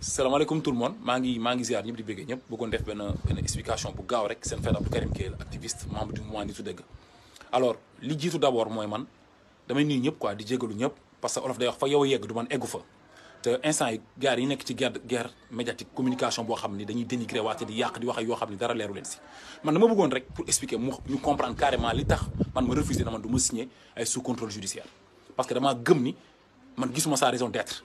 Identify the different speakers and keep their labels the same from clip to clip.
Speaker 1: salaamaaleykum tout le monde Mangi, ngi maa ngi ziar ñep di bëggee ñëpp bëggoon def ben ben explication bu gaaw rek seen fait Abdou Karim Gueye activiste membre du mouvement du Dëgg alors li jitu d'abord, moy man damay nuyu ñep quoi di jéggalu ñep parce que olof day wax fa yow yegg du man éggu fa te instant yi gare, yi nekk ci guerre guerre médiatique communication bo xamni dañuy dénigrer waate di yaq di wax ak yo xamni dara leeru leen si man dama bëggoon rek pour expliquer mu ñu comprendre carrément li tax man ma refusé na man signer ay sous contrôle judiciaire parce que dama gëm ni man gisuma sa raison d'être.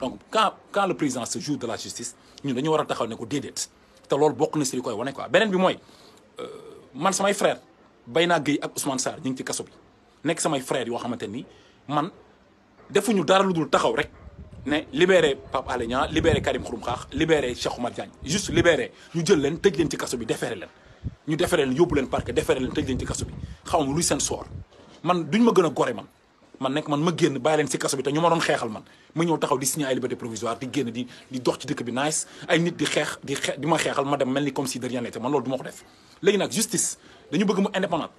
Speaker 1: donc quand quand le président se joue de la justice ñun dañu war a taxaw ne ko déedéet te loolu bokk na si li koy wane quoi beneen bi mooy euh, man samay bay naa Gueye ak Ousmane Sarr ñu ngi ci kaso bi nekk samay frère yoo xamante ni man defuñu dara lu dul taxaw rek ne libéré Pape Alé libere libéré Karim Xrum Xax libéré Cheikh Oumar Diagne juste libéré ñu jël leen tëj leen ci kaso bi defeere leen ñu defeere leen yóbbu leen parquet defeere leen tëj leen ci kaso bi xaw ma luy seen soor man duñ ma gën a gore man man nek man ma génn bàyyi leen si kaso bi te ñu ma doon xeexal man ma ñëw taxaw di signé ay liberté provisoire di génn di di dox ci dëkk bi nice ay nit di xeex di xeex di ma xeexal ma dem mel ni comme si de rien n'était man loolu du ma ko def léegi nag justice dañu bëgg mu indépendante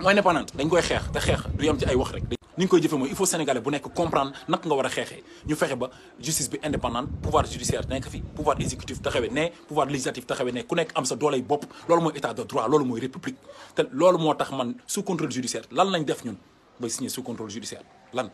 Speaker 1: mu indépendante dañ koy xeex te xeex du yam ci ay wax rek ni ñu koy jëfee mooy il faut sénégalais bu nekk comprendre nak nga war a xeexee ñu fexe ba justice bi indépendante pouvoir judiciaire nekk fi pouvoir exécutif taxawee ne pouvoir législatif taxawee ne ku nekk am sa dooley bopp loolu mooy état de droit loolu mooy république te loolu moo tax man sous contrôle judiciaire lan lañ def ñun ba signé sous contrôle judiciaire lan